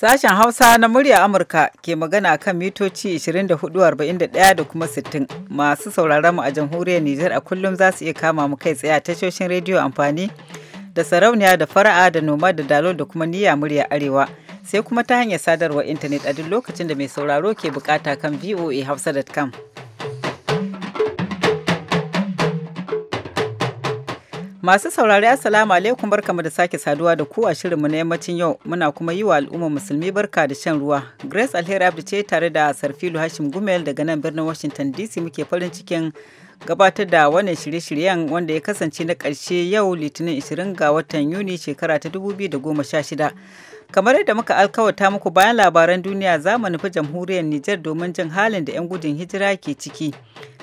Sashen Hausa na murya Amurka ke magana kan mitoci 24,41 da kuma 60 masu sauraron mu a jamhuriyar Nijar a kullum za su iya kama mu kai tsaye a tashoshin rediyo amfani da sarauniya da fara'a da noma da dalo da kuma niyya murya arewa sai kuma ta hanyar sadarwar intanet a duk lokacin da mai sauraro ke bukata kan hausa.com. Masu saurari Assalamu alaikum barkamu da sake saduwa da ku a shirinmu na yammacin yau muna kuma yi wa al'ummar musulmi barka da shan ruwa. Grace Alheri Abdu ce tare da Sarfilu Hashim Gumel daga nan birnin Washington DC muke farin cikin gabatar da wannan shirye-shiryen wanda ya kasance na karshe yau Litinin 20 ga watan Yuni shekara ta 2016. Kamar yadda muka alkawata muku bayan labaran duniya za mu nufi jamhuriyar Nijar domin jin halin da 'yan gudun hijira ke ciki.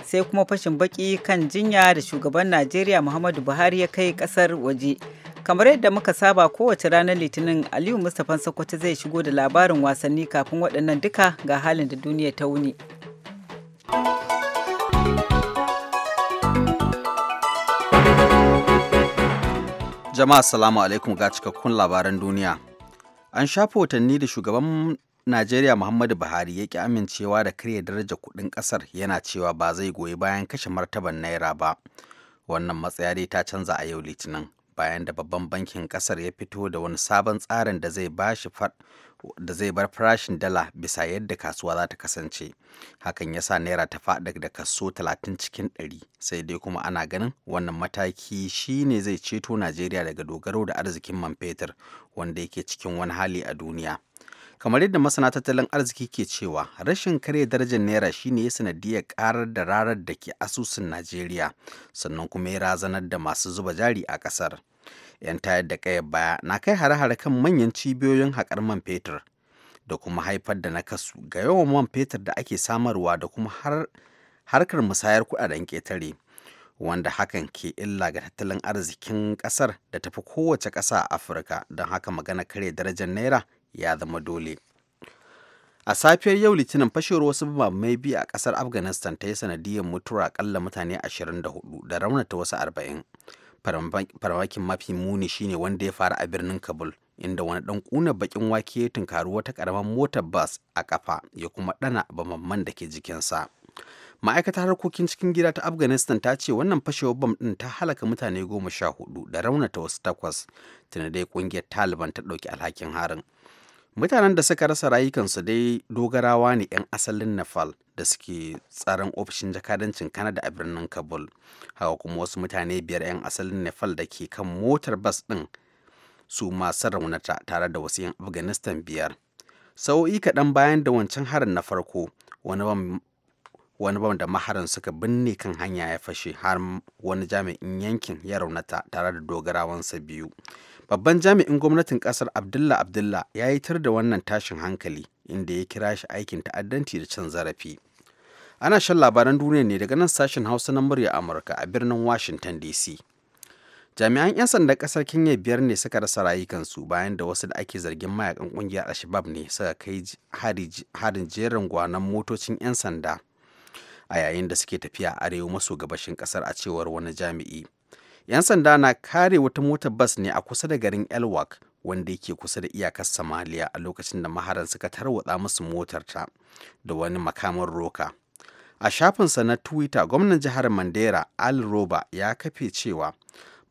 sai kuma fashin baki kan jinya da shugaban Najeriya Muhammadu Buhari ya kai kasar waje. Kamar yadda muka saba kowace ranar Litinin Aliyu Mustapha Sokoto zai shigo da labarin wasanni kafin waɗannan duka ga halin da duniya ta wuni. Jama'a salamu alaikum ga cikakkun labaran duniya. An sha watanni da shugaban Najeriya Muhammadu Buhari ya ki amincewa da karya daraja kuɗin ƙasar yana cewa ba zai goyi bayan kashe martaban naira ba. Wannan matsaya dai ta canza a yau Litinin bayan da babban bankin ƙasar ya fito da wani sabon tsarin da zai da zai bar farashin dala bisa yadda kasuwa za ta kasance hakan ya sa naira ta faɗa da kaso 30 cikin 100 sai dai kuma ana ganin wannan mataki shi ne zai ceto najeriya daga dogaro da arzikin man fetur wanda yake cikin wani hali a duniya kamar yadda masana tattalin arziki ke cewa rashin karya darajar naira shine ya sanadiyar karar da rarar da ke asusun najeriya sannan kuma ya razanar da masu zuba jari a kasar yan tayar da kaya baya na kai hare-hare kan manyan cibiyoyin haƙar man fetur da kuma haifar da nakasu ga yawan man fetur da ake samarwa da kuma harkar musayar kuɗaɗen ƙetare wanda hakan ke illa ga tattalin arzikin ƙasar da tafi kowace ƙasa a afirka don haka magana kare darajar naira ya zama dole a safiyar yau litinin fashewar wasu mai biyu a kasar afghanistan ta yi sanadiyar mutuwar akalla mutane 24 da raunata wasu 40 farmakin mafi muni shine wanda ya faru a birnin kabul inda wani dan kuna bakin wake ya tunkari wata karamar motar bas a kafa ya kuma dana bamamman da ke jikinsa ma'aikatar harkokin cikin gida ta afghanistan ta ce wannan fashewar bam ɗin ta halaka mutane goma sha hudu da raunata wasu takwas tunda dai kungiyar taliban ta ɗauki alhakin harin mutanen da suka rasa rayukansu dai dogarawa ne 'yan asalin nepal da suke tsaron ofishin jakadancin kanada a birnin kabul haka kuma wasu mutane biyar 'yan asalin nepal da ke kan motar bas din su masu raunata tare da wasu 'yan afghanistan biyar sau'i kaɗan bayan da wancan harin na farko wani bam da maharin suka binne kan hanya ya fashe har wani jami'in yankin ya raunata tare da dogarawansa biyu babban jami'in gwamnatin kasar abdullah abdullah ya yi tar da wannan tashin hankali inda ya kira shi aikin ta'addanci da cin zarafi ana shan labaran duniya ne daga nan sashen hausa na murya amurka a birnin washington dc jami'an 'yan sandan kasar kenya biyar ne suka rasa rayukansu bayan da wasu da ake zargin mayakan kungiyar alshabab ne suka kai harin jerin gwanon motocin 'yan sanda a yayin da suke tafiya arewa maso gabashin kasar a cewar wani jami'i 'Yan sanda na kare wata motar bas ne a kusa da garin Elwak wanda yake kusa da iyakar Somalia a lokacin da maharan suka tarwatsa musu motar ta da wani makaman roka. A shafinsa na Twitter, gwamnan jihar Mandera Al Roba ya kafe cewa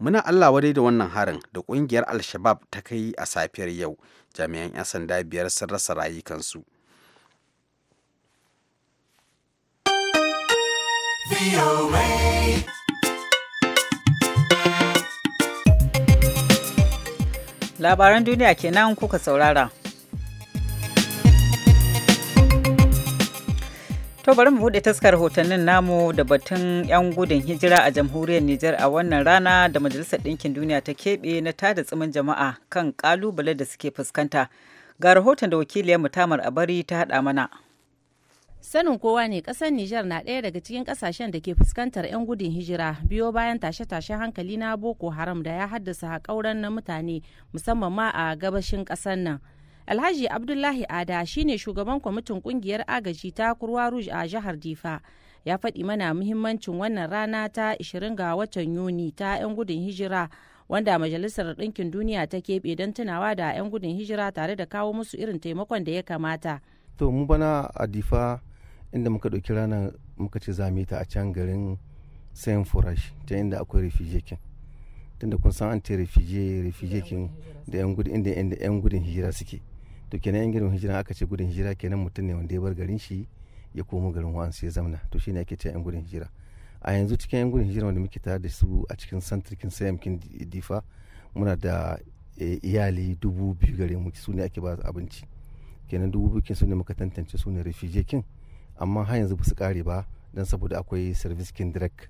muna Allah wadai da wannan harin da kungiyar Al-Shabab ta kai a safiyar yau. Jami'an 'yan sanda biyar sun rasa rayukansu. labaran duniya kenan kuka saurara. To bari mu buɗe taskar hotannin namu da batun 'yan gudun hijira a jamhuriyar Nijar a wannan rana da Majalisar Ɗinkin Duniya ta keɓe na tada tsimin jama'a kan ƙalubale da suke fuskanta. Ga rahoton da wakiliyar mutamar bari ta haɗa mana. Sanin kowa ne kasar Nijar na ɗaya daga cikin kasashen da ke fuskantar 'yan gudun hijira biyo bayan tashe-tashen hankali na Boko Haram da ya haddasa haƙauran na mutane musamman ma a gabashin kasar nan. Alhaji Abdullahi Ada shine shugaban kwamitin kungiyar agaji ta Kurwa Rouge a jihar Difa. Ya faɗi mana muhimmancin wannan rana ta 20 ga watan Yuni ta 'yan gudun hijira wanda Majalisar Ɗinkin Duniya ta keɓe don tunawa da 'yan gudun hijira tare da kawo musu irin taimakon da ya kamata. To mu bana a Difa inda muka ɗauki ranar muka ce za mu yi ta a can garin sayan furashi ta inda akwai refugee tunda kun san an ce refugee refugee king da yan gudun inda inda yan gudun hijira suke to kenan yan gudun hijira aka ce gudun hijira kenan mutum ne wanda ya bar garin shi ya komo garin wa'ansu ya zamna to shine ake ce yan gudun hijira a yanzu cikin yan gudun hijira wanda muke tare da su a cikin sayan kin difa muna da eh, iyali dubu biyu gare mu su ne ake ba abinci kenan dubu biyu su ne muka tantance su ne refugee amma har yanzu ba su kare ba don saboda akwai service kin direct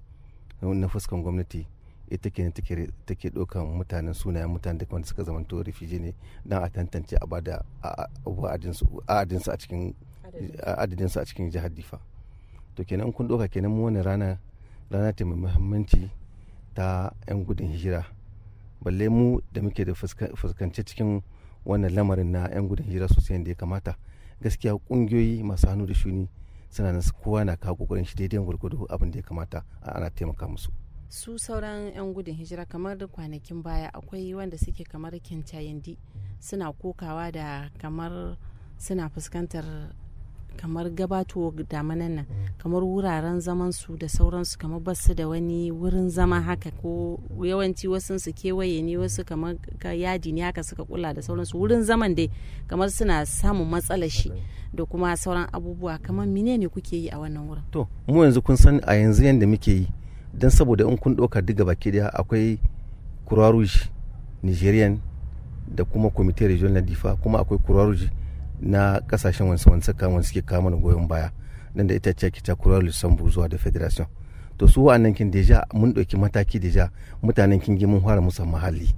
na fuskan gwamnati ita ke take dokan mutanen sunayen mutanen da wanda suka zamanto refugee ne don a tantance a bada adadinsu a cikin a cikin jihar difa to kenan kun ɗauka kenan mu wani rana rana ta mai muhimmanci ta 'yan gudun hijira balle mu da muke da fuskance cikin wannan lamarin na 'yan gudun hijira sosai da ya kamata gaskiya ƙungiyoyi masu hannu da shuni suna nan kowa na kawo kokarin shi daidai gurgudu abin da ya kamata ana taimaka musu su sauran 'yan gudun hijira kamar kwanakin baya akwai wanda suke kamar kincayindi suna kokawa da kamar suna fuskantar kamar gabatowa damanan nan kamar wuraren zamansu da sauransu kamar basu da wani wurin zama haka ko yawanci wasu su kewaye ne wasu kamar yadi ne haka suka kula da sauransu wurin zaman dai kamar suna samun matsalar shi da kuma sauran abubuwa kamar mine ne kuke yi a wannan wurin to mu yanzu kun san a yanzu yanda muke yi don saboda in kun ɗauka duk baki daya akwai croix nigerian da kuma comité regional difa kuma akwai croix na kasashen wansu wansu wani suke kama da goyon baya nan da ita ce ke takurar lusambu zuwa da federation to su wa'annan kin deja mun ɗauki mataki deja mutanen kin mun fara musu mahalli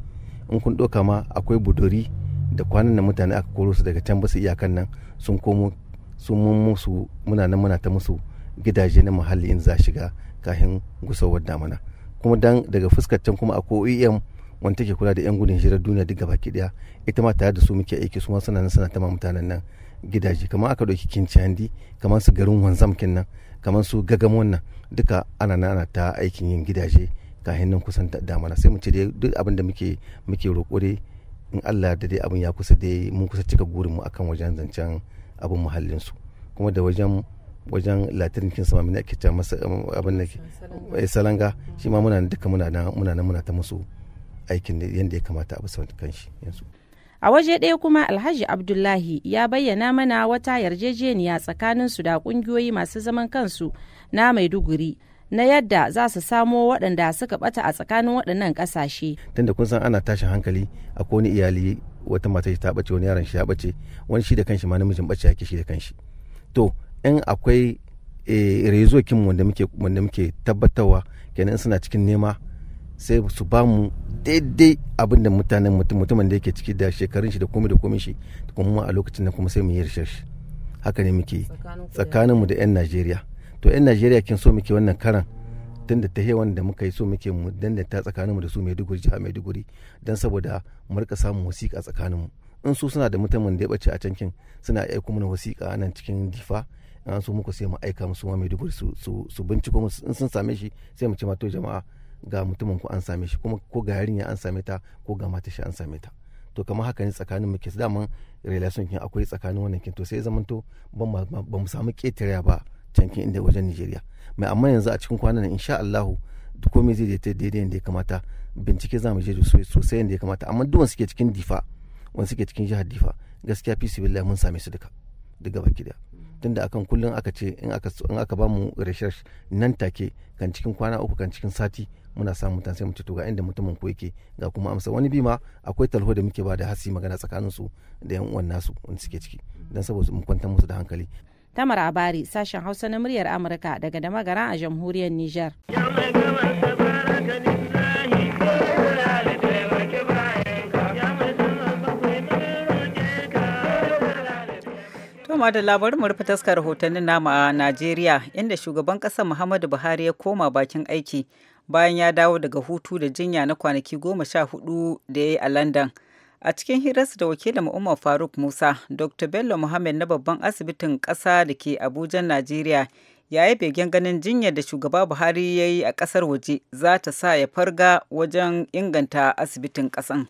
in kun ɗauka ma akwai budori da kwanan da mutane aka koro su daga can basu iyakan nan sun komo sun mun musu muna nan muna ta musu gidaje na muhalli in za shiga kafin gusawar damana kuma dan daga fuskar can kuma akwai OEM wanda take kula da 'yan gudun hijirar duniya duk gaba ki daya ita ma tare da su muke aiki su ma suna nan suna tama mutanen nan gidaje kamar aka dauki kincandi kamar su garin wanzam kinnan kamar su gagamon nan duka ana nan ana ta aikin yin gidaje kahin nan kusan damana sai mu ce duk abin da muke muke roƙo dai in Allah da dai abin ya kusa dai mun kusa cika gurin mu akan wajen zancen abin muhallin su kuma da wajen wajen latin kin sama ake ta masa abin da eh, salanga shi ma muna duka muna nan muna ta musu aikin yadda ya kamata a bisa kan shi yanzu. A waje ɗaya kuma Alhaji Abdullahi ya bayyana mana wata yarjejeniya tsakanin su da ƙungiyoyi masu zaman kansu na Maiduguri na yadda za su samo waɗanda suka ɓata a tsakanin waɗannan ƙasashe. Tunda kun san ana tashin hankali a wani iyali wata mata ta ɓace wani yaron shi ya ɓace wani shi da kanshi ma namijin ɓace yake shi da kanshi. To in akwai eh, rezo wanda muke wanda muke tabbatarwa kenan suna cikin nema sai su ba mu daidai abin da mutanen mutumin da yake ciki da shekarun shi da komai da komai shi kuma a lokacin da kuma sai mu yi rishashi haka ne muke tsakaninmu da 'yan najeriya to 'yan najeriya kin so muke wannan karan tun da tahewan da muka yi so muke mu danganta tsakaninmu da su maiduguri jiha maiduguri don saboda mu rika samun wasiƙa tsakaninmu in su suna da mutumin da ya bace a cankin suna aiko mana wasiƙa nan cikin difa in an so muku sai mu aika musu ma maiduguri su binciko musu in sun same shi sai mu ce ma to jama'a ga mutumin ku an same shi kuma ko ga yarinya an same ta ko ga mata shi an same ta to kamar haka ne tsakanin mu ke daman relation kin akwai tsakanin wannan kin to sai zamanto ba mu samu ketare ba can kin inda wajen Nigeria mai amma yanzu a cikin kwanan insha allahu komai zai je daidai yadda ya kamata bincike za mu je sosai yadda ya kamata amma duk suke cikin difa wani suke cikin jihar difa gaskiya fi su billahi mun same su duka duka baki da tunda akan kullum aka ce in aka ba mu research nan take kan cikin kwana uku kan cikin sati muna samun mutane sai mu ce inda mutumin ko yake ga kuma amsa wani bi ma akwai talho da muke ba da hasi magana tsakanin su da yan uwan nasu wanda suke ciki dan saboda mu kwantar musu da hankali Tamar Abari sashen Hausa na muryar Amurka daga Damagara a jamhuriyar Nijar. madalla da labarin mu rufe taskar rahotannin nama a Najeriya inda shugaban ƙasar Muhammadu Buhari ya koma bakin aiki bayan ya dawo daga hutu da jinya na kwanaki goma sha hudu da ya yi a London. A cikin hirarsa da wakilin Umar Faruk Musa, Dr. Bello Muhammad na babban asibitin ƙasa da ke Abuja, Najeriya, ya yi begen ganin jinyar da shugaba Buhari ya yi a ƙasar waje za ta sa ya farga wajen inganta asibitin ƙasan.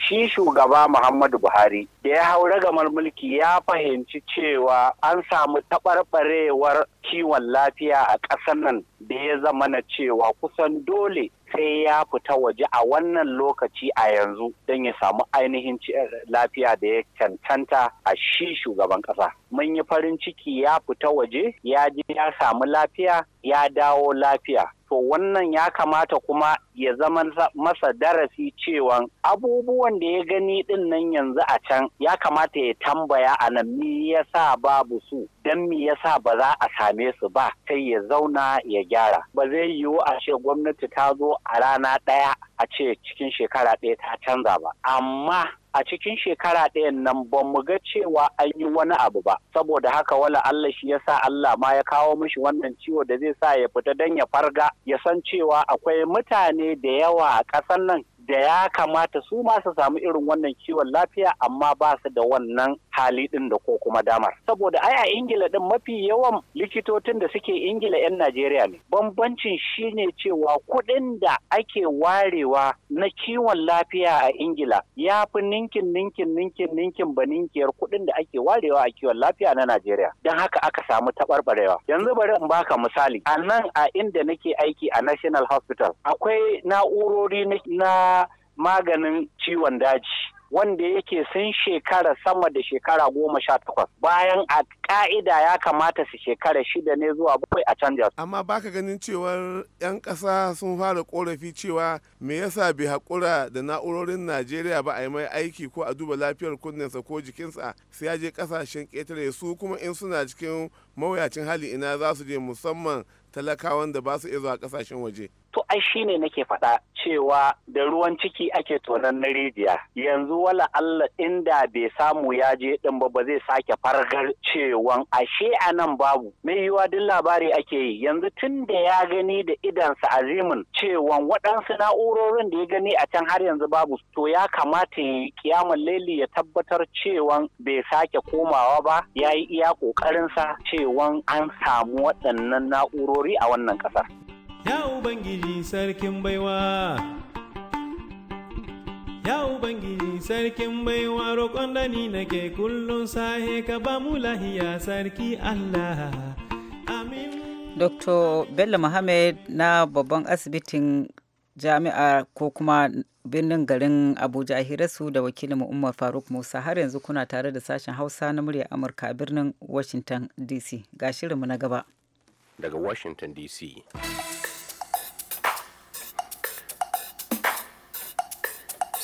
shi shugaba Muhammadu Buhari da ya hau ragamar mulki ya fahimci cewa an samu taɓarɓarewar kiwon lafiya a ƙasar nan da ya zama na cewa kusan dole sai ya fita waje a wannan lokaci a yanzu don ya samu ainihin eh, lafiya da ya cancanta a shi shugaban ƙasa. Mun yi farin ciki ya fita waje ya ji ya samu lafiya ya dawo lafiya. to wannan ya kamata kuma ya zama masa darasi cewa abubuwan da ya gani din nan yanzu a can ya kamata ya tambaya a nan me yasa babu su dan me yasa ba za a same su ba sai ya zauna ya gyara ba zai yiwu a ce gwamnati ta zo a rana ɗaya a ce cikin shekara ɗaya ta canza ba amma a cikin shekara ɗayan nan ba mu ga cewa an yi wani abu ba saboda haka wala Allah shi yasa Allah ma ya kawo mishi wannan ciwo da zai sa ya fita dan ya farga ya san cewa akwai mutane da yawa a ƙasar nan da ya kamata su ma su samu irin wannan kiwon lafiya amma ba su da wannan hali din da ko kuma damar saboda ai a ingila din mafi yawan likitocin da suke ingila 'yan najeriya ne bambancin shine cewa kuɗin da ake warewa na kiwon lafiya a ingila ya fi ninkin ninkin ninkin ninkin ba ninkiyar kuɗin da ake warewa a kiwon lafiya na najeriya don haka aka samu taɓarɓarewa yanzu bari in baka misali a nan a inda nake aiki a national hospital akwai na'urori na maganin ciwon daji wanda yake sun shekara sama da shekara goma sha takwas bayan a ka'ida ya kamata su shekara shida ne zuwa bakwai a canja su. Amma baka ganin cewar 'yan ƙasa sun fara korafi cewa me yasa bai haƙura da na'urorin Najeriya ba a yi mai aiki ko a duba lafiyar sa ko jikinsa sai ya je ƙasashen ƙetare su kuma in suna cikin mawuyacin hali ina za su je musamman talakawan da ba su iya zuwa ƙasashen waje. to ai shine nake faɗa cewa da ruwan ciki ake tonon na rijiya yanzu wala Allah inda bai samu ya je din ba ba zai sake fargar cewan ashe a nan babu mai yiwa duk labari ake yi yanzu tun da ya gani da idansa azimin cewan waɗansu na'urorin da ya gani a can har yanzu babu to ya kamata ya kiyamun laili ya tabbatar cewan bai sake komawa ba ya yi iya ƙoƙarinsa cewan an samu waɗannan na'urori a wannan ƙasar. Ya Ubangiji sarkin baiwa, Ya Ubangiji sarkin baiwa roƙon da ni nake kullum sahe ka ba mu lahiya sarki Allah. Amin. Dr. Bello Muhammad na babban asibitin jami'a ko kuma birnin garin Abuja a da wakilin Umar Faruk Musa har yanzu kuna tare da sashen Hausa na murya Amurka a birnin Washington DC. Ga shirinmu na gaba. Daga Washington DC.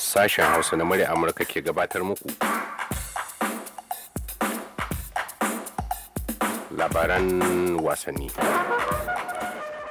sashen hausa na murya amurka ke gabatar muku labaran wasanni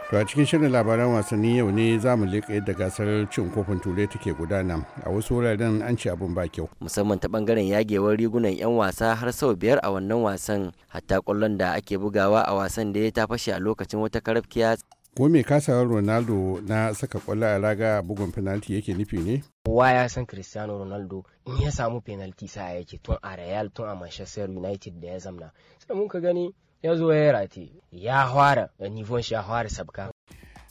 to a cikin shirin labaran wasanni yau ne za mu leƙa yadda gasar cin kofin turai take gudana a wasu wuraren an ci abin ba kyau musamman ta bangaren yagewar rigunan 'yan wasa har sau biyar a wannan wasan hatta kwallon da ake bugawa a wasan da ya ta fashe a lokacin wata karafkiya ko me kasawar ronaldo na saka kwallo a raga bugun penalty yake nufi ne kowa ya san cristiano ronaldo in ya samu penalty sa yake tun a real tun a manchester united da ya zamna sai mun ka gani ya zo ya rate ya fara nivon shi ya fara sabka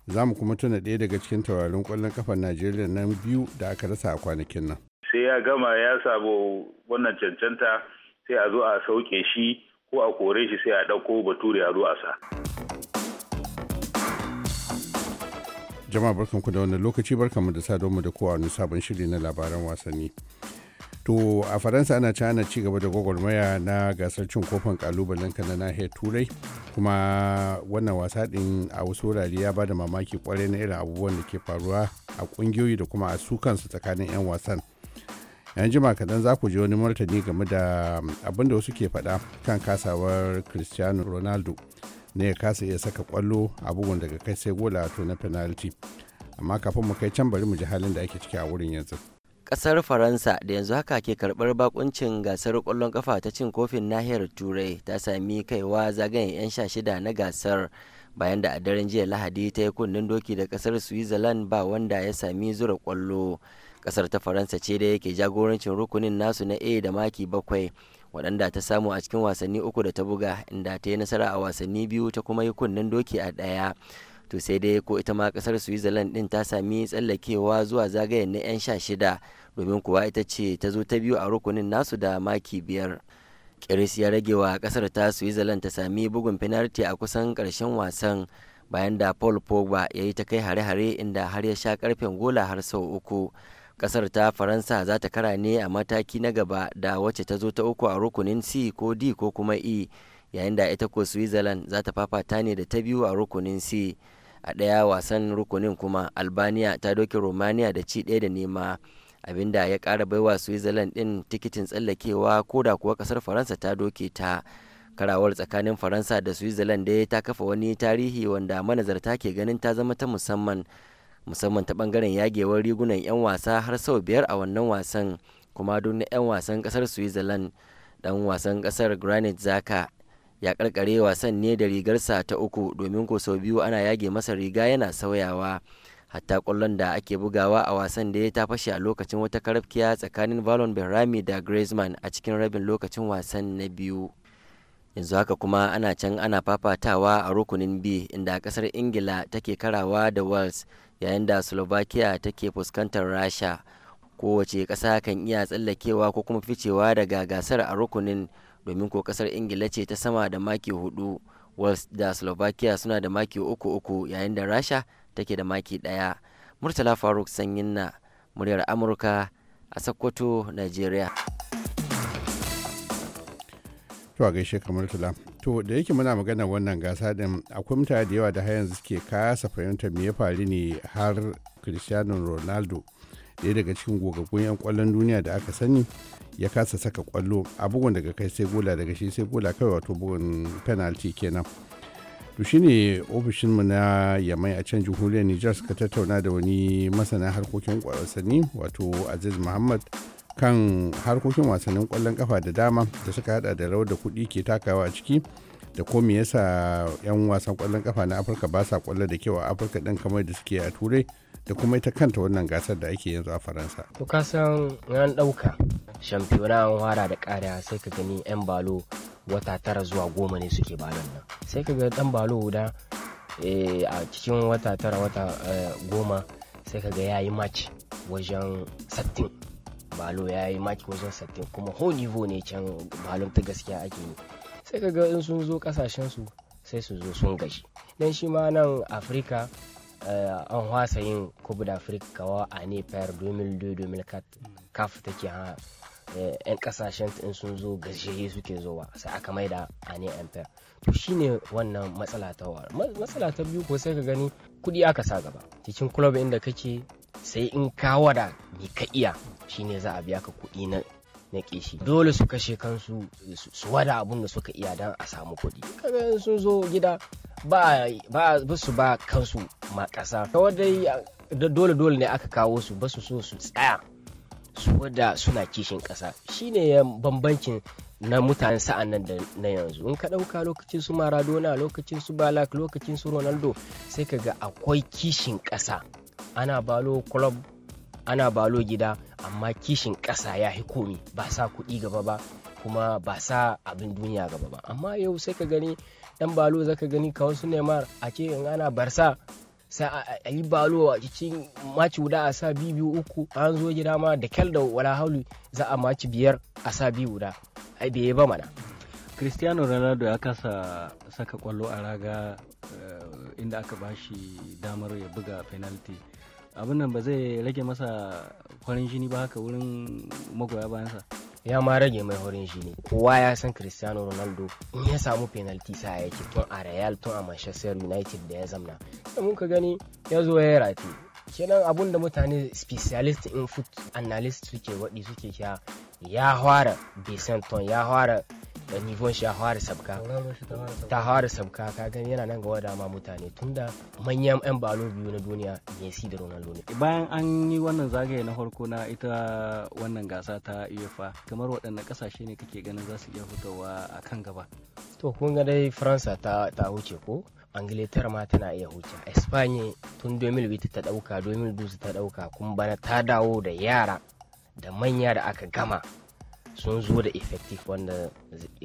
za mu kuma tuna ɗaya daga cikin taurarin kwallon kafar najeriya nan biyu da aka rasa a kwanakin nan sai ya gama ya samu wannan cancanta sai a zo a sauke shi ko a kore shi sai a ɗauko bature a zo a sa jama'a barkanku da wannan lokaci barkanmu da sa mu da kowa wani sabon shiri na labaran wasanni to a faransa ana cana ci gaba da gwagwarmaya na gasar cin kofin kalubalen kana na nahiyar turai kuma wannan wasa din a wasu wurare ya bada mamaki kwarai na irin abubuwan da ke faruwa a kungiyoyi da kuma a su kansu tsakanin 'yan wasan yan jima kaɗan za ku je wani martani game da abin da wasu ke faɗa kan kasawar cristiano ronaldo ne ya kasa iya saka kwallo a bugun daga kai sai gola to na penalty amma kafin mu kai can bari mu ji halin da ake ciki a wurin yanzu kasar faransa da yanzu haka ke karbar bakuncin gasar kwallon kafa ta cin kofin nahiyar turai ta sami kaiwa zagayen 'yan sha shida na gasar bayan da a daren jiya lahadi ta yi kunnen doki da kasar switzerland ba wanda ya sami zura kwallo kasar ta faransa ce da yake jagorancin rukunin nasu na a da maki bakwai waɗanda ta samu a cikin wasanni uku da ta buga inda ta yi nasara a wasanni biyu ta kuma yi kunnen doki a ɗaya to sai dai ko ita ma kasar switzerland din ta sami tsallakewa zuwa zagayen na 'yan sha shida domin kuwa ita ce ta zo ta biyu a rukunin nasu da maki biyar kiris ya rage wa kasar ta switzerland ta sami bugun penalty a kusan karshen wasan bayan da paul pogba ya yi ta kai hare-hare inda har ya sha karfen gola har sau uku kasar ta faransa za ta kara ne a mataki na gaba da wacce ta zo ta uku a rukunin c ko d ko kuma e yayin da ita ko switzerland za ta fafata ne da ta biyu a rukunin c a ɗaya wasan rukunin kuma albania ta doke romania da ci ɗaya da nema abinda ya kara baiwa switzerland ɗin tikitin tsallakewa ko da kuwa kasar faransa ta doke ta karawar tsakanin faransa da switzerland dai ta kafa wani tarihi wanda manazarta ke ganin ta zama ta musamman musamman ta bangaren yagewar rigunan 'yan wasa har sau biyar a wannan wasan kuma don na 'yan wasan kasar switzerland dan wasan kasar granit zaka ya karkare wasan ne da rigarsa ta uku domin ko sau biyu ana yage masa riga yana sauyawa hatta kwallon da ake bugawa a wasan da ya ta fashe a lokacin wata karafkiya tsakanin valon berami da griezmann a cikin rabin lokacin wasan na biyu yanzu haka kuma ana can ana fafatawa a rukunin b inda kasar ingila take karawa da wales yayin da slovakia take fuskantar rasha kowace ƙasa kan iya tsallakewa ko kuma ficewa daga gasar a rukunin domin ko ƙasar ingila ce ta sama da maki hudu wales da slovakia suna da maki uku uku yayin da rasha take da maki ɗaya murtala faruk sanyin na muryar amurka a sokoto nigeria to da yake muna magana wannan gasa din akwai mutane da yawa da har yanzu suke kasa fahimtar me ya faru ne har cristiano ronaldo ɗaya daga cikin gogaggun 'yan kwallon duniya da aka sani ya kasa saka kwallo a bugun daga kai sai gola daga shi sai gola kai wato bugun penalty kenan to shine mu na yamai a can jihuriyar nijar suka tattauna da wani masana harkokin sani wato aziz muhammad kan harkokin wasannin kwallon kafa da dama da suka hada da rawar da kuɗi ke takawa a ciki da ko me yasa 'yan wasan kwallon kafa na afirka ba sa kwallo da kyau a afirka din kamar da suke a turai da kuma ita kanta wannan gasar da ake yanzu a faransa to ka san ran ɗauka shampiyona an fara da ƙara sai ka gani 'yan balo wata tara zuwa goma ne suke balon nan sai ka ga ɗan balo guda eh, a cikin wata tara wata eh, goma sai ka ga ya yi match wajen sattin balo ya yi maki wajen sattin kuma ho nivo ne can balon ta gaskiya ake yi sai kaga in sun zo kasashen su sai su zo sun gashi dan shi ma nan afirka eh, an wasa yin kubu da afirka kawo a ne fayar 2002 domin kaf take ha eh, yan kasashen in sun zo gajiyayye suke zowa sai aka maida a ne empire to shine wannan matsala ta matsala ta biyu ko sai ka gani kudi aka sa gaba cikin club inda kake sai in ka wada ni ka iya shine za a biya ka kuɗi na na kishi dole su kashe kansu su wada abun da suka iya don a samu kuɗi kaga sun zo gida ba ba su ba kansu ma ƙasa kawai dole dole ne aka kawo su ba su so su tsaya su wada suna kishin ƙasa shine bambancin na mutanen sa'an nan da na yanzu in ka ɗauka lokacin su maradona lokacin su balak lokacin su ronaldo sai ka ga akwai kishin ƙasa ana balo club ana balo gida amma kishin ƙasa ya komi ba sa kuɗi gaba ba kuma ba sa abin duniya gaba ba amma yau sai ka gani ɗan balo zaka gani ka su neymar a ce in ana barsa sai a yi balo a cikin maci guda a sa biyu biyu uku an zo gida ma da kyal da wala hauli za a maci biyar a sa biyu guda ai bai ba mana cristiano ronaldo ya kasa saka kwallo a raga eh, inda aka bashi damar ya buga penalty abin nan ba zai rage masa farin jini ba haka wurin magoya bayansa ya ma rage mai horin shi ne kowa ya san cristiano ronaldo in ya samu penalty sa ke tun a real tun a manchester united da ya zamna da mun ka gani ya zo ya rati. kenan abun da mutane specialist in foot analyst suke waɗi suke kya ya fara besanton ya fara da nivon shi ya fara sabka ta fara sabka ka gani yana nan gaba dama mutane tunda manyan yan balo biyu na duniya messi da ronaldo ne bayan an yi wannan zagaye na farko na ita wannan gasa ta uefa kamar waɗannan kasashe ne kake ganin za su iya fitowa a kan gaba to kun ga dai faransa ta ta huce ko angiletar ma tana iya huce espanya tun 2008 ta dauka 2012 ta dauka kuma bana ta dawo da yara da manya da aka gama sun zo da effective wanda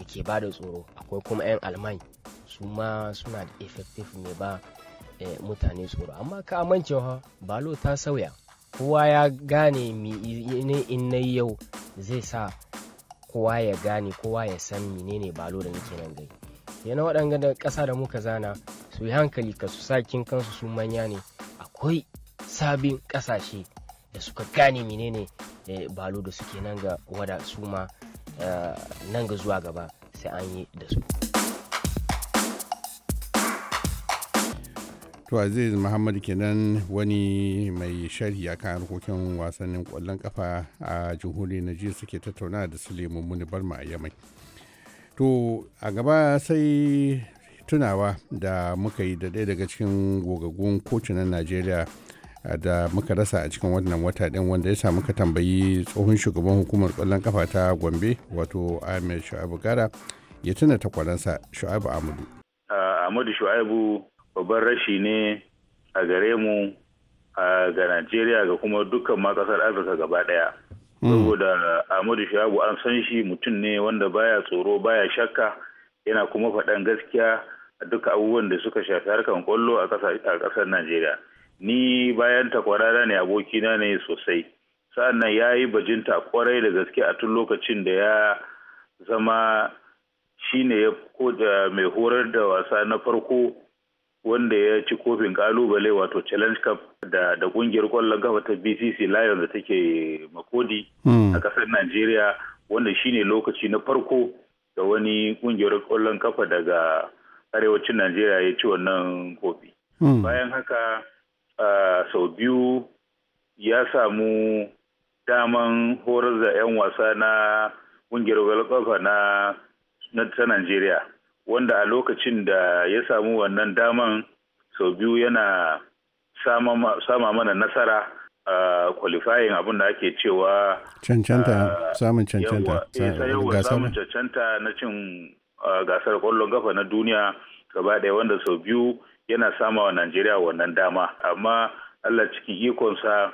ke ba da tsoro akwai kuma 'yan alman su ma suna da effective mai ba eh, mutane tsoro amma ka ha balo ta sauya kowa ya gane ne in na yau zai sa kowa ya gane kowa ya san menene balo da nake nan gai yana waɗanga ƙasa da muka zana su yi hankali ka su sakin kansu su manya ne akwai sabin ƙasashe da suka gane menene balo da suke nan ga wada su ma eh, nan ga zuwa gaba sai an yi da su to aziz muhammad kenan wani mai sharhi a kan harkokin wasannin kwallon kafa a na najeriya suke tattauna da su muni barma a yamai to a gaba sai tunawa da muka yi da daya daga cikin gogaggun kocinan najeriya da muka rasa a cikin wannan wata din wanda ya sa muka tambayi tsohon shugaban hukumar kwallon kafa ta gombe wato ahmed shu'abu gara ya tuna ta kwaransa shu'abu amadu amadu shu'abu babban rashi ne a gare mu ga najeriya ga kuma dukkan ma ƙasar afirka gaba daya hmm. saboda amadu shu'abu an san shi mutum ne wanda baya tsoro baya shakka yana kuma faɗan gaskiya a duka abubuwan da suka shafi harkar kwallo a ƙasar najeriya ni bayan takwarara ne abokina ne sosai sa'annan ya yi bajinta kwarai da gaske a tun lokacin da ya zama shi ne ya da mai horar da wasa na farko wanda ya ci kofin kalubale wato challenge cup da da kungiyar kwallon kafa ta bcc lions da take makodi hmm. a kasar nigeria wanda shi ne lokaci na farko da wani kungiyar kwallon kafa daga arewacin nigeria ya ci wannan kofi hmm. bayan haka sau biyu ya samu daman horar da 'yan wasa na ƙungiyar walƙafa na ta Najeriya wanda a lokacin da ya samu wannan daman sau biyu yana sama mana nasara a qualifying abin da ake cewa cancanta samun cancanta eh, samun cancanta na cin gasar kwallon kafa na duniya gaba ɗaya wanda sau biyu yana sama wa Najeriya wannan dama amma Allah cikin ikonsa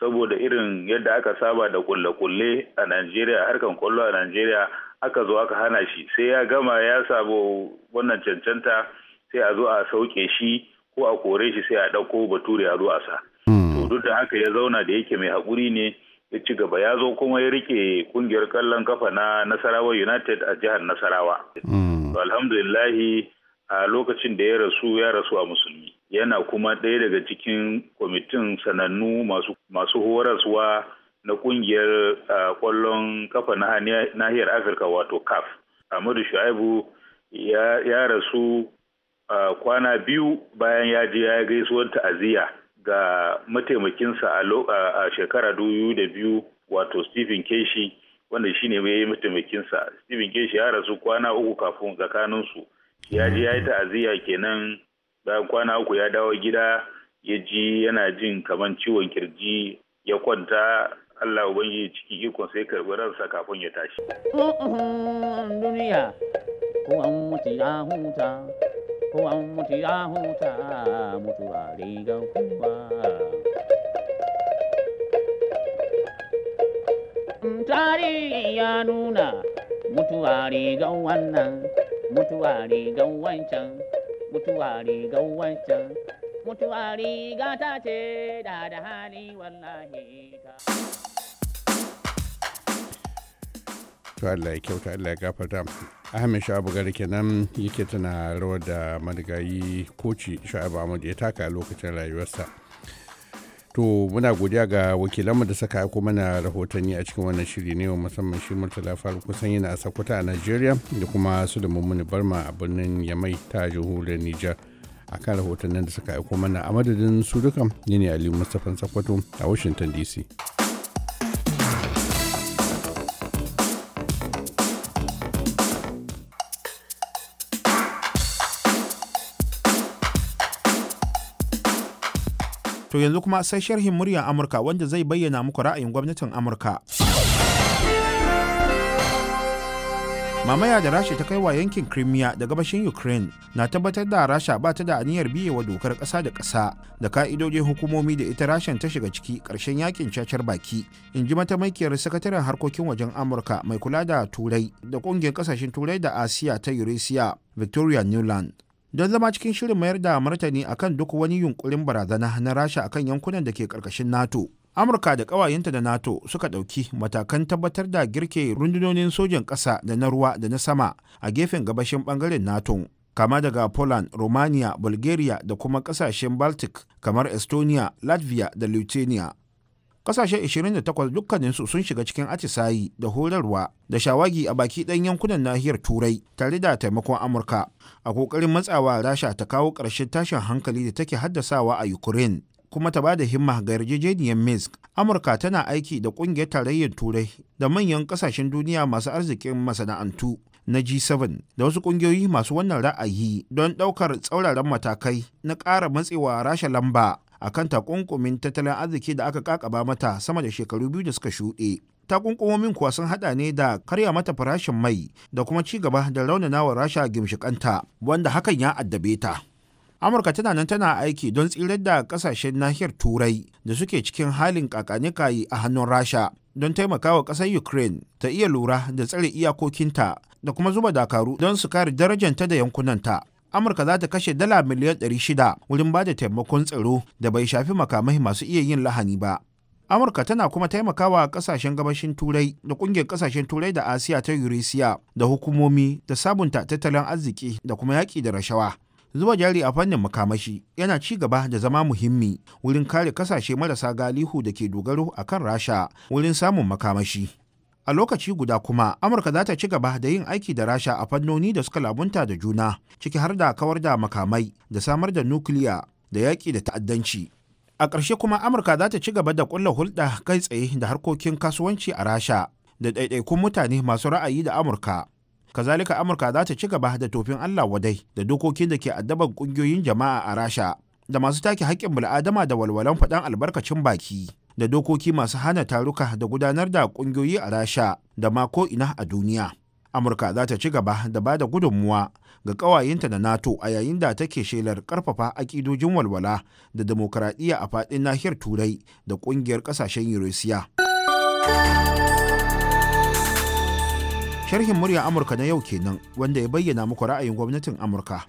saboda irin yadda aka saba da kulle-kulle a Najeriya harkan kwallo a Najeriya aka zo aka hana shi sai ya gama ya sabo wannan cancanta sai a zo a sauke shi ko a kore shi sai a ɗauko bature a zo sa. Hmm. To duk da haka ya zauna da yake mai haƙuri ne ya ci gaba ya zo kuma ya rike kungiyar kallon kafa na Nasarawa United a jihar Nasarawa. Hmm. To alhamdulillahi a lokacin da ya rasu ya rasu a musulmi yana kuma ɗaya daga cikin kwamitin sanannu masu horaswa na ƙungiyar ƙwallon kafa na nahiyar afirka wato caf ahmadu shu'aibu ya rasu kwana biyu bayan ya je ya gaisuwar ta'aziyya ga mataimakinsa a shekara dubu da biyu wato stephen keshi wanda shine mai mataimakinsa stephen keshi ya rasu kwana uku kafin tsakaninsu ya je ya yi mm-hmm. ta'aziyya kenan bayan kwana uku ya dawo gida ya ji yana jin kamar ciwon kirji ya kwanta Allah ubangiji ciki ikon sai karɓi ransa kafin ya tashi. Mm-hmm. duniya ko mutu ya huta ko mutu ya huta a rigar kuma. Mm, tarihi ya nuna a rigar wannan mutuwa riga wancan mutuwa riga wancan mutuwa riga ta ce da da hali wallahi ta to Allah ya kyauta Allah ya gafarta Ahmed Sha'abu gari kenan yake tana rawar da marigayi koci Sha'abu Ahmad ya taka lokacin rayuwarsa. to muna godiya ga wakilanmu da saka aiko mana rahotanni a cikin wannan shiri ne musamman shi murtala faru kusan yana a sakuta a nigeria da kuma su da mummuni barma a birnin yamai ta jamhuriyar nijar a kan rahotannin da suka aiko mana a madadin su duka ne ne aliyu mustapha sakwato a washington dc To yanzu kuma sai sharhin muryar Amurka wanda zai bayyana muku ra'ayin gwamnatin Amurka. Mamaya da Rasha ta kai wa yankin Crimea da gabashin Ukraine na tabbatar da Rasha ba ta da aniyar biye wa dokar ƙasa da ƙasa da ka'idojin hukumomi da ita Rashan ta shiga ciki ƙarshen yakin cacar baki, in ji mataimakiyar sakataren harkokin wajen Amurka mai kula da Turai da ƙungiyar ƙasashen Turai da Asiya ta Eurasia Victoria Newland. don zama cikin shirin mayar da martani akan duk wani yunkurin barazana na rasha akan yankunan da ke karkashin nato amurka da ƙawayenta da nato suka ɗauki matakan tabbatar da girke rundunonin sojan ƙasa da na ruwa da na sama a gefen gabashin ɓangaren nato kama daga poland romania bulgaria da kuma ƙasashen baltic kamar estonia latvia da lithuania kasashe 28 dukkaninsu sun shiga cikin atisayi da horarwa da shawagi a baki ɗan yankunan nahiyar turai tare da taimakon amurka a kokarin matsawa rasha ta kawo ƙarshen tashin hankali da take haddasawa a ukraine kuma ta ba da himma ga yarjejeniyar minsk amurka tana aiki da ƙungiyar tarayyar turai da manyan ƙasashen duniya masu arzikin masana'antu na G7 da wasu ƙungiyoyi masu wannan ra'ayi don ɗaukar tsauraran matakai na ƙara matsewa rasha lamba akan takunkumin tattalin arziki da aka kakaba mata sama da shekaru biyu da suka shuɗe. Takunkumomin kuwa sun haɗa ne da karya mata farashin mai da kuma ci gaba da raunana wa rasha gimshikanta wanda hakan ya addabe ta. Amurka tana nan tana aiki don tsirar da kasashen nahiyar Turai da suke cikin halin kakanikayi a hannun Rasha don taimakawa ƙasar Ukraine ta iya lura da tsare iyakokinta da kuma zuba dakaru don su kare darajanta da yankunanta. amurka za ta kashe dala miliyan 600 wurin ba da taimakon tsaro da bai shafi makamai masu iya yin lahani ba amurka tana kuma taimakawa kasashen gabashin turai da kungiyar kasashen turai da asiya ta eurasia da hukumomi da sabunta tattalin arziki da kuma yaƙi da rashawa zuba jari a fannin makamashi yana ci gaba da zama muhimmi wurin kare kasashe marasa galihu da ke dogaro akan rasha wurin samun makamashi a lokaci guda kuma amurka za ta ci gaba da yin aiki da rasha a fannoni da suka labunta da juna ciki har da kawar da makamai da samar da nukiliya da yaƙi da ta'addanci a ƙarshe kuma amurka za ta ci gaba da ƙulla hulɗa kai tsaye da harkokin kasuwanci a rasha da ɗaiɗaikun mutane masu ra'ayi da amurka kazalika amurka za ta ci gaba da tofin allah wadai da dokokin da ke addaban ƙungiyoyin jama'a a rasha da masu take haƙƙin bil'adama da walwalan faɗan albarkacin baki da dokoki masu hana taruka da gudanar da kungiyoyi a rasha da ma ko ina a duniya amurka za ta ci gaba da ba da gudunmuwa ga ƙawayenta da nato a yayin da take shelar karfafa akidojin walwala da demokaradiyya a faɗin nahiyar turai da kungiyar kasashen eurasia sharhin murya amurka na yau kenan wanda ya bayyana muku ra'ayin gwamnatin amurka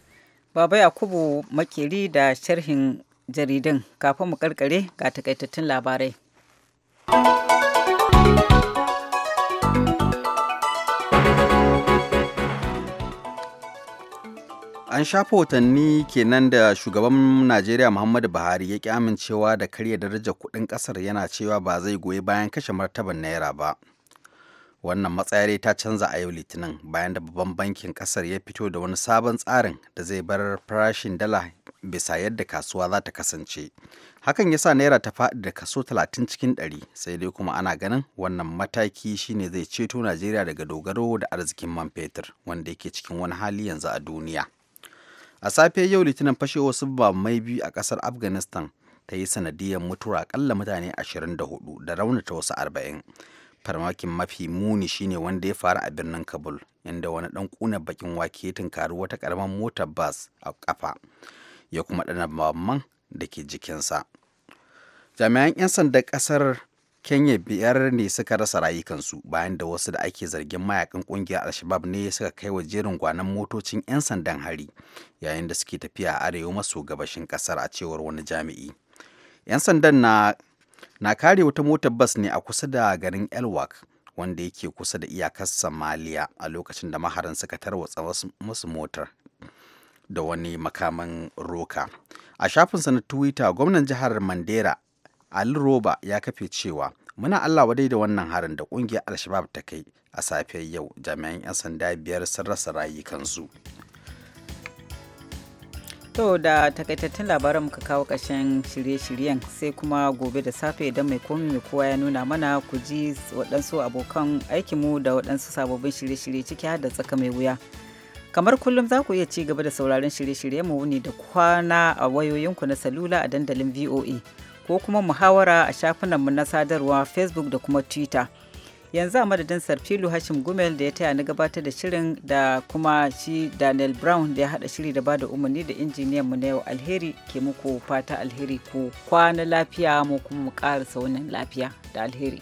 baba yakubu makeri da sharhin jaridun kafin mu karkare ga takaitattun labarai. An shafa watanni kenan da shugaban Najeriya Muhammadu Buhari ya ki amincewa da karya darajar kuɗin ƙasar yana cewa ba zai goyi bayan kashe martaban naira ba. wannan matsayar ta canza a yau litinin bayan da babban bankin kasar ya fito da wani sabon tsarin da zai bar farashin dala bisa yadda kasuwa za ta kasance hakan ya sa naira ta faɗi da kaso 30 cikin 100 sai dai kuma ana ganin wannan mataki shine zai ceto najeriya daga dogaro da arzikin man fetur wanda yake cikin wani hali yanzu a duniya a safe yau litinin fashe wasu mai biyu a kasar afghanistan ta yi sanadiyar mutuwa akalla mutane 24 da raunata wasu 40 farmakin mafi muni shine wanda ya faru a birnin kabul inda wani dan kuna bakin wake ya tunkari wata karamar motar bas a kafa ya kuma dana mamman da ke jikinsa jami'an 'yan sandan kasar kenya biyar ne suka rasa rayukansu bayan da wasu da ake zargin mayakan kungiyar alshabab ne suka kai wa jerin gwanan motocin 'yan sandan hari yayin da suke tafiya a arewa maso gabashin kasar a cewar wani jami'i 'yan sandan na na kare wata motar bas ne a kusa da garin elwak wanda yake kusa da iyakar samaliya a lokacin da maharan suka tarwatsa musu motar da wani makaman roka a shafinsa na twitter gwamnan jihar mandera ali roba ya kafe cewa muna allah wadai da wannan harin da kungiyar alshabab ta kai a safiyar yau jami'an 'yan sanda biyar sun rasa rayukansu. To da takaitattun labaran muka kawo ƙarshen shirye-shiryen sai kuma gobe da safe idan mai komi mai kowa ya nuna mana ku ji waɗansu abokan aikinmu da waɗansu sababbin shirye-shirye ciki har da tsaka mai wuya. Kamar kullum za ku iya ci gaba da sauraron shirye-shirye mu ne da kwana a wayoyinku na salula a dandalin VOA ko kuma muhawara a shafinanmu na sadarwa Facebook da kuma Twitter. yanzu a madadin sarfilu hashim gumel da ya taya na gabatar da shirin da kuma shi daniel brown da ya hada shiri da bada umarni da injiniyan mu na yau alheri ke muku fata alheri ku kwana lafiya mu kuma mu karasa wannan lafiya da alheri